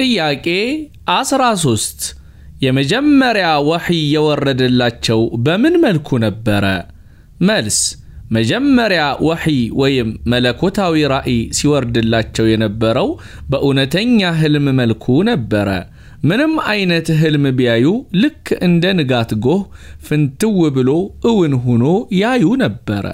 ጥያቄ 13 የመጀመሪያ ወሕይ የወረደላቸው በምን መልኩ ነበረ? መልስ መጀመሪያ ወሕይ ወይም መለኮታዊ ራእይ ሲወርድላቸው የነበረው በእውነተኛ ህልም መልኩ ነበረ። ምንም አይነት ህልም ቢያዩ ልክ እንደ ንጋት ጎህ ፍንትው ብሎ እውን ሆኖ ያዩ ነበረ።